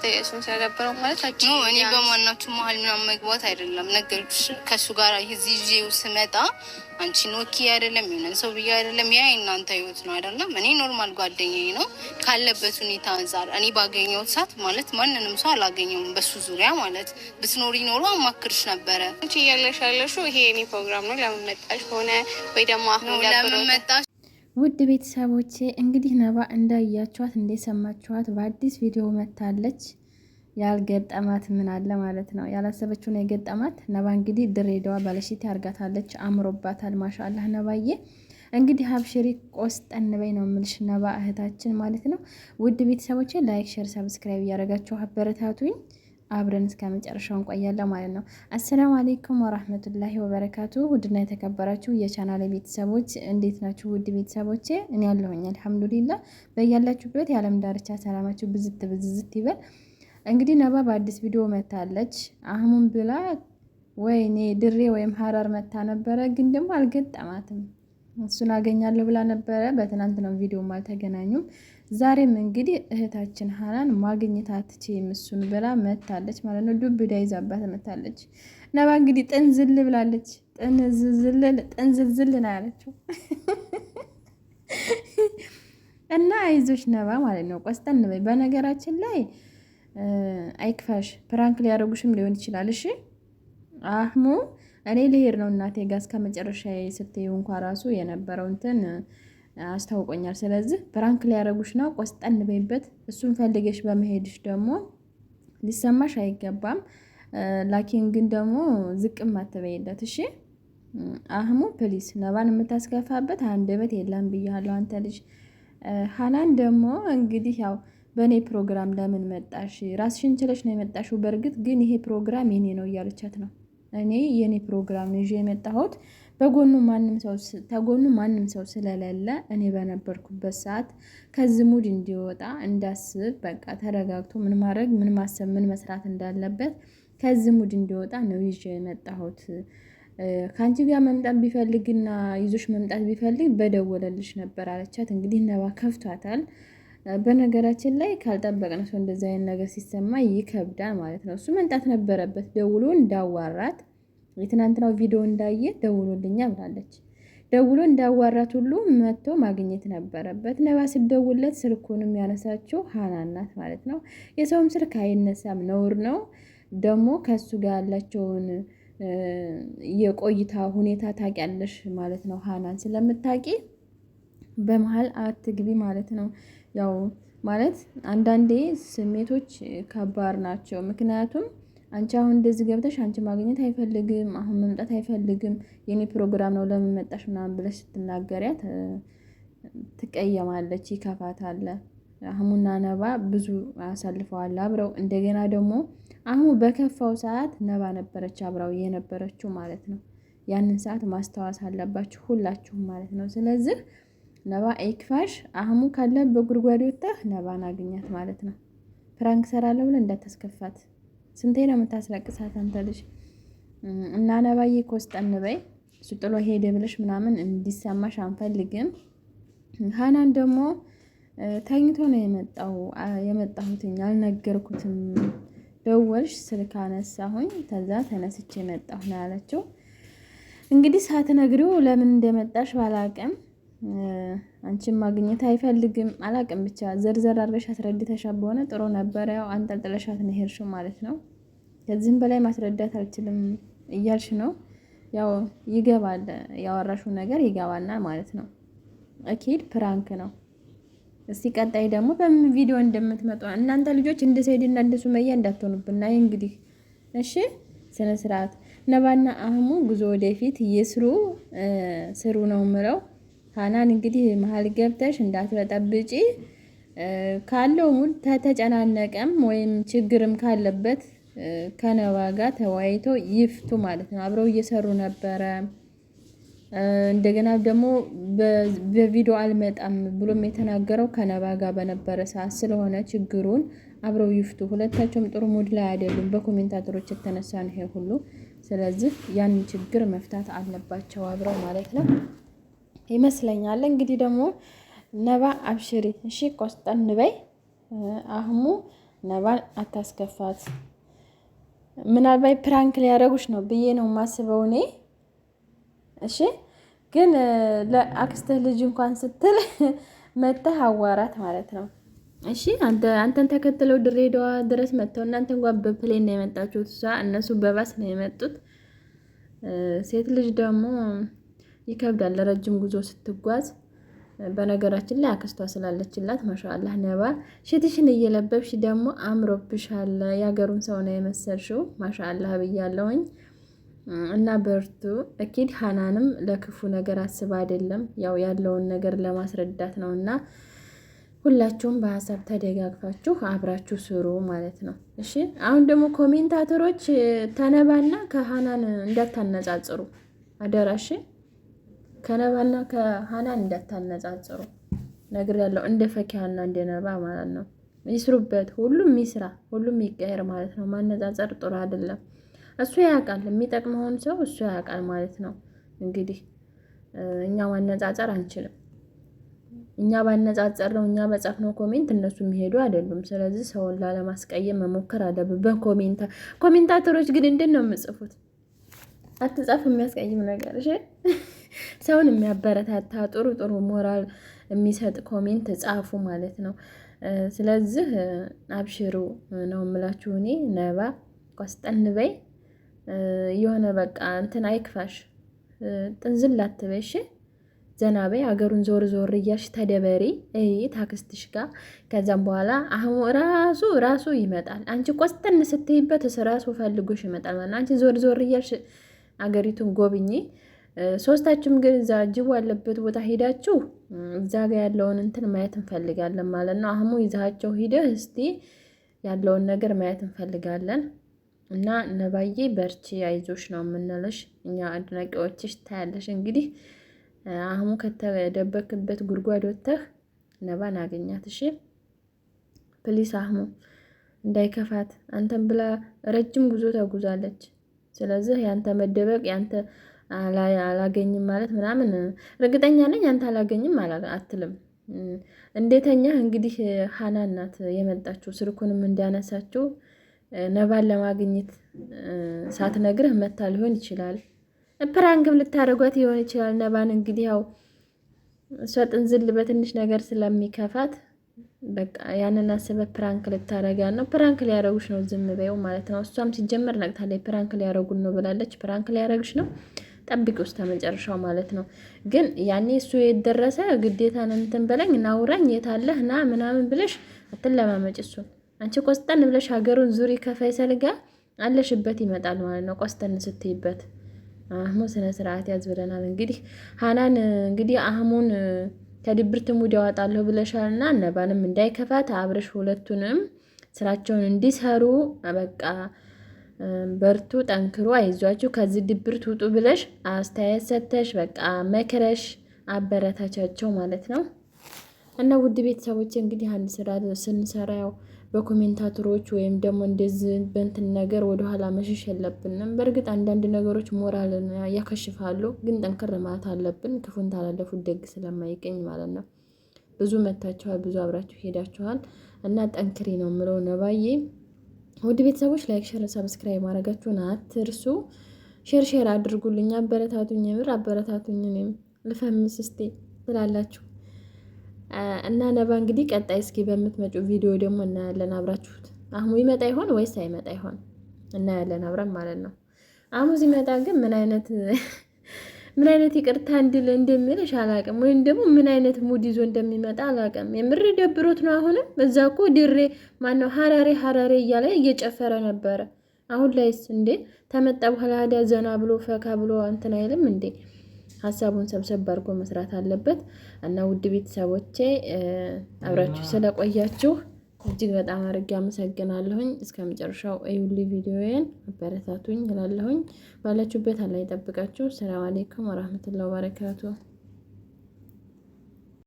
መጠየቅሽን ስለነበረው ማለት እኔ በማናችሁ መሀል ምናምን መግባት አይደለም ነገሮች ከእሱ ጋር ይዤው ስመጣ አንቺን ወኪዬ አይደለም የሆነን ሰው ብዬ አይደለም። ያ የእናንተ ህይወት ነው አይደለም። እኔ ኖርማል ጓደኛዬ ነው ካለበት ሁኔታ አንጻር እኔ ባገኘሁት ሰዓት ማለት ማንንም ሰው አላገኘውም በሱ ዙሪያ ማለት ብትኖሪ ኖሮ አማክርሽ ነበረ። አንቺ እያለሽ ያለሽው ይሄ የኔ ፕሮግራም ነው ለምን መጣሽ ሆነ ወይ ደግሞ አሁን ለምን መጣሽ ውድ ቤተሰቦቼ እንግዲህ ነባ እንዳያችኋት እንደሰማችኋት በአዲስ ቪዲዮ መታለች። ያልገጠማት ምን አለ ማለት ነው። ያላሰበችውን የገጠማት ነባ እንግዲህ ድሬዳዋ ባለሽት ያርጋታለች። አምሮባታል። ማሻአላህ ነባዬ እንግዲህ ሀብሽሪ ቆስጠን በይ ነው የምልሽ ነባ እህታችን ማለት ነው። ውድ ቤተሰቦቼ ላይክ፣ ሸር፣ ሰብስክራይብ እያደረጋችሁ አበረታቱኝ። አብረን እስከ መጨረሻው እንቆያለን ማለት ነው። አሰላሙ አሌይኩም ወራህመቱላሂ ወበረካቱ። ውድና የተከበራችሁ የቻናል ቤተሰቦች እንዴት ናችሁ? ውድ ቤተሰቦቼ እኔ ያለሁኝ አልሐምዱሊላ። በያላችሁበት የዓለም ዳርቻ ሰላማችሁ ብዝት ብዝዝት ይበል። እንግዲህ ነባ በአዲስ ቪዲዮ መታለች። አህሙን ብላ ወይኔ ድሬ ወይም ሀረር መታ ነበረ፣ ግን ደግሞ አልገጠማትም። እሱን አገኛለሁ ብላ ነበረ። በትናንት ነው ቪዲዮም አልተገናኙም። ዛሬም እንግዲህ እህታችን ሀናን ማግኘት አትቼ እሱን ብላ መታለች ማለት ነው። ዱብ ዕዳ ይዛባት መታለች። ነባ እንግዲህ ጥንዝል ብላለች። ጥንዝልዝል ና ያለችው እና አይዞች ነባ ማለት ነው። ቆስጠን በይ። በነገራችን ላይ አይክፋሽ፣ ፕራንክ ሊያደርጉሽም ሊሆን ይችላል። እሺ አህሙ፣ እኔ ልሄድ ነው እናቴ ጋር እስከ መጨረሻ ስትይው እንኳ ራሱ የነበረው እንትን አስታውቆኛል። ስለዚህ ብራንክ ሊያረጉሽ ነው፣ ቆስጠን በይበት። እሱን ፈልገሽ በመሄድሽ ደግሞ ሊሰማሽ አይገባም። ላኪን ግን ደግሞ ዝቅም አትበይለት እሺ። አህሙ ፕሊስ ነባን የምታስከፋበት አንድ በት የለም ብያለሁ፣ አንተ ልጅ። ሀናን ደግሞ እንግዲህ ያው በእኔ ፕሮግራም ለምን መጣሽ? ራስሽን ችለሽ ነው የመጣሽው። በእርግጥ ግን ይሄ ፕሮግራም የኔ ነው እያለቻት ነው እኔ የኔ ፕሮግራም ይዤ የመጣሁት በጎኑ ማንም ሰው ተጎኑ ማንም ሰው ስለሌለ እኔ በነበርኩበት ሰዓት ከዚህ ሙድ እንዲወጣ እንዳስብ በቃ ተረጋግቶ ምን ማድረግ ምን ማሰብ ምን መስራት እንዳለበት ከዚህ ሙድ እንዲወጣ ነው ይዤ የመጣሁት። ከአንቺ ጋር መምጣት ቢፈልግና ይዞሽ መምጣት ቢፈልግ በደወለልሽ ነበር አለቻት። እንግዲህ ነባ ከፍቷታል። በነገራችን ላይ ካልጠበቅን ሰው እንደዚህ አይነት ነገር ሲሰማ ይከብዳል ማለት ነው። እሱ መንጣት ነበረበት ደውሎ እንዳዋራት የትናንትናው ቪዲዮ እንዳየ ደውሎልኛ ብላለች። ደውሎ እንዳዋራት ሁሉ መጥቶ ማግኘት ነበረበት። ነባ ስደውለት ስልኩንም ያነሳችው ሀና ናት ማለት ነው። የሰውም ስልክ አይነሳም ነውር ነው። ደግሞ ከሱ ጋር ያላቸውን የቆይታ ሁኔታ ታውቂያለሽ ማለት ነው ሀናን ስለምታውቂ በመሃል አትግቢ ማለት ነው። ያው ማለት አንዳንዴ ስሜቶች ከባድ ናቸው። ምክንያቱም አንቺ አሁን እንደዚህ ገብተሽ አንቺ ማግኘት አይፈልግም አሁን መምጣት አይፈልግም የኔ ፕሮግራም ነው ለምን መጣሽ ምናምን ብለሽ ስትናገሪያት ትቀየማለች፣ ይከፋታል። አህሙና ነባ ብዙ አሳልፈዋል አብረው። እንደገና ደግሞ አህሙ በከፋው ሰዓት ነባ ነበረች አብራው የነበረችው ማለት ነው። ያንን ሰዓት ማስታወስ አለባችሁ ሁላችሁም ማለት ነው። ስለዚህ ነባ ኤክፋሽ አህሙ ካለ በጉድጓድ ወጥተህ ነባን አግኛት ማለት ነው። ፕራንክ ሰራለሁ ብለህ እንዳታስከፋት። ስንቴ ነው የምታስለቅሳት አንተ ልጅ? እና ነባዬ ኮስጠን በይ እሱ ጥሎ ሄደ ብለሽ ምናምን እንዲሰማሽ አንፈልግም። ሀናን ደግሞ ተኝቶ ነው የመጣው የመጣሁትኝ አልነገርኩትም። ደወልሽ ስልክ አነሳሁኝ፣ ከዛ ተነስቼ መጣሁ ነው ያለችው። እንግዲህ ሳትነግሪው ለምን እንደመጣሽ ባላቅም አንቺን ማግኘት አይፈልግም። አላቅም ብቻ ዘርዘር አድርገሽ አስረድተሻት በሆነ ጥሩ ነበረ። ያው አንጠልጥለሻት ነው የሄድሽው ማለት ነው። ከዚህም በላይ ማስረዳት አልችልም እያልሽ ነው። ያው ይገባል፣ ያወራሽው ነገር ይገባናል ማለት ነው። አኪድ ፕራንክ ነው። እስቲ ቀጣይ ደግሞ በምን ቪዲዮ እንደምትመጡ እናንተ ልጆች እንደ ሰይድ እና እንደ ሱመያ እንዳትሆኑብና እንግዲህ እሺ፣ ስነ ስርዓት ነባና አህሙ ጉዞ ወደፊት ይስሩ ስሩ ነው ምለው። ሀናን እንግዲህ መሀል ገብተሽ እንዳትበጠብጪ ካለው ሙድ ተጨናነቀም ወይም ችግርም ካለበት ከነባ ጋር ተወያይቶ ይፍቱ ማለት ነው። አብረው እየሰሩ ነበረ። እንደገና ደግሞ በቪዲዮ አልመጣም ብሎም የተናገረው ከነባ ጋር በነበረ ሰዓት ስለሆነ ችግሩን አብረው ይፍቱ። ሁለታቸውም ጥሩ ሙድ ላይ አይደሉም። በኮሜንታተሮች የተነሳ ነው ይሄ ሁሉ። ስለዚህ ያንን ችግር መፍታት አለባቸው አብረው ማለት ነው። ይመስለኛል። እንግዲህ ደግሞ ነባ አብሽሪ፣ እሺ ቆስጠን በይ አህሙ፣ ነባን አታስከፋት። ምናልባት ፕራንክ ሊያደርጉሽ ነው ብዬ ነው ማስበው እኔ። እሺ ግን ለአክስትህ ልጅ እንኳን ስትል መተህ አዋራት ማለት ነው። እሺ አንተን ተከትለው ድሬዳዋ ድረስ መጥተው እናንተ እንኳ በፕሌን ነው የመጣችሁት፣ እሷ እነሱ በባስ ነው የመጡት። ሴት ልጅ ደግሞ ይከብዳል ለረጅም ጉዞ ስትጓዝ። በነገራችን ላይ አክስቷ ስላለችላት ማሻአላ ነባ ሽትሽን እየለበብሽ ደግሞ አምሮብሻል። የሀገሩን ሰው ነው የመሰልሽው። ማሻአላ ብያለውኝ እና በርቱ። እኪድ ሀናንም ለክፉ ነገር አስብ አይደለም፣ ያው ያለውን ነገር ለማስረዳት ነው እና ሁላችሁም በሀሳብ ተደጋግፋችሁ አብራችሁ ስሩ ማለት ነው። እሺ አሁን ደግሞ ኮሜንታተሮች ተነባና ከሀናን እንዳታነጻጽሩ አደራሽ ከነባና ከሀናን እንዳታነጻጽሩ ነገር ያለው እንደ ፈኪያና እንደ ነባ ማለት ነው። ይስሩበት፣ ሁሉም ይስራ፣ ሁሉም ይቀየር ማለት ነው። ማነጻጸር ጥሩ አይደለም። እሱ ያውቃል የሚጠቅመውን ሰው እሱ ያውቃል ማለት ነው። እንግዲህ እኛ ማነጻጸር አንችልም። እኛ ባነጻጸር ነው እኛ በጻፍ ነው ኮሜንት እነሱ የሚሄዱ አይደሉም። ስለዚህ ሰውን ላለማስቀየም መሞከር አለብን በኮሜንታ ኮሜንታተሮች ግን እንድን ነው የምጽፉት አትጻፍ የሚያስቀይም ነገር እሺ ሰውን የሚያበረታታ ጥሩ ጥሩ ሞራል የሚሰጥ ኮሜንት ጻፉ ማለት ነው። ስለዚህ አብሽሩ ነው የምላችሁ። እኔ ነባ ቆስጠን በይ የሆነ በቃ እንትን አይክፋሽ፣ ጥንዝል ላትበሽ ዘና በይ። አገሩን ዞር ዞር እያልሽ ተደበሪ ታክስትሽ ጋር። ከዛም በኋላ አህሙ ራሱ ራሱ ይመጣል። አንቺ ቆስጠን ስትይበት ራሱ ፈልጎሽ ይመጣል ማለት አንቺ ዞር ዞር እያልሽ አገሪቱን ጎብኚ። ሶስታችሁም ግን እዛ ጅቡ ያለበት ቦታ ሄዳችሁ እዛ ጋ ያለውን እንትን ማየት እንፈልጋለን ማለት ነው። አህሙ ይዛቸው ሂደህ እስቲ ያለውን ነገር ማየት እንፈልጋለን እና ነባዬ በርቺ፣ አይዞሽ ነው የምንለሽ እኛ አድናቂዎችሽ። ታያለሽ እንግዲህ አህሙ ከተደበክበት ጉድጓድ ወጥተህ ነባን አገኛት። እሺ ፕሊስ አህሙ እንዳይከፋት፣ አንተን ብላ ረጅም ጉዞ ተጉዛለች። ስለዚህ ያንተ መደበቅ ያንተ አላገኝም ማለት ምናምን እርግጠኛ ነኝ አንተ አላገኝም አትልም። እንዴተኛ እንግዲህ ሀናናት ናት የመጣችው ስልኩንም እንዳነሳችው ነባን ለማግኘት ሳትነግርህ መታ ሊሆን ይችላል። ፕራንክም ልታደርጓት ሊሆን ይችላል። ነባን እንግዲህ ያው እሷ ጥንዝል በትንሽ ነገር ስለሚከፋት በቃ ያንን አስበ ፕራንክ ልታረጋ ነው። ፕራንክ ሊያረጉሽ ነው፣ ዝም በይው ማለት ነው። እሷም ሲጀመር ነቅታለች። ፕራንክ ሊያረጉን ነው ብላለች። ፕራንክ ሊያረግሽ ነው። ጠብቂ ውስጥ መጨረሻው ማለት ነው። ግን ያኔ እሱ የደረሰ ግዴታ እንትን በለኝ ናውራኝ የታለህ ና ምናምን ብለሽ አትለማመጭ እሱን። አንቺ ቆስጠን ብለሽ ሀገሩን ዙሪ ከፈይሰል ጋር አለሽበት ይመጣል ማለት ነው። ቆስጠን ስትይበት አህሙ ስነ ስርዓት ያዝ ብለናል። እንግዲህ ሀናን እንግዲህ አህሙን ከድብርት ሙድ ያወጣለሁ ብለሻል እና እነባንም እንዳይከፋት አብረሽ ሁለቱንም ስራቸውን እንዲሰሩ በቃ በርቱ፣ ጠንክሩ፣ አይዟችሁ ከዚህ ድብርት ውጡ ብለሽ አስተያየት ሰተሽ በቃ መክረሽ አበረታቻቸው ማለት ነው። እና ውድ ቤተሰቦች እንግዲህ አንድ ስራ ስንሰራ ያው በኮሜንታተሮች ወይም ደግሞ እንደዚህ በእንትን ነገር ወደኋላ መሸሽ የለብንም። በእርግጥ አንዳንድ ነገሮች ሞራልን ያከሽፋሉ፣ ግን ጠንክር ማለት አለብን። ክፉን ታላለፉት ደግ ስለማይገኝ ማለት ነው። ብዙ መታችኋል፣ ብዙ አብራችሁ ሄዳችኋል እና ጠንክሪ ነው የምለው ነባዬ ውድ ቤተሰቦች ላይክ፣ ሸር፣ ሰብስክራይብ ማድረጋችሁን አትርሱ። ሼር ሼር አድርጉልኝ፣ አበረታቱኝ፣ የምር አበረታቱኝ። እኔም ልፈምስ እስቴ ትላላችሁ እና ነባ እንግዲህ ቀጣይ እስኪ በምትመጪው ቪዲዮ ደግሞ እናያለን። አብራችሁት አህሙ ይመጣ ይሆን ወይስ አይመጣ ይሆን? እናያለን አብረን ማለት ነው። አህሙ ሲመጣ ግን ምን አይነት ምን አይነት ይቅርታ እንድል እንደሚልሽ አላቅም፣ ወይም ደግሞ ምን አይነት ሙድ ይዞ እንደሚመጣ አላቅም። የምር ደብሮት ነው። አሁንም እዛ እኮ ድሬ ማነው ሀራሬ ሀራሬ እያለ እየጨፈረ ነበረ። አሁን ላይስ እንዴ ተመጣ በኋላ ዳ ዘና ብሎ ፈካ ብሎ እንትን አይልም እንዴ? ሀሳቡን ሰብሰብ አድርጎ መስራት አለበት እና ውድ ቤተሰቦቼ አብራችሁ ስለቆያችሁ እጅግ በጣም አድርጌ አመሰግናለሁኝ። እስከ መጨረሻው እዩሊ ቪዲዮዬን አበረታቱኝ እላለሁኝ። ባላችሁበት አላህ ይጠብቃችሁ። ሰላም አሌይኩም ወራህመቱላሂ ወበረካቱ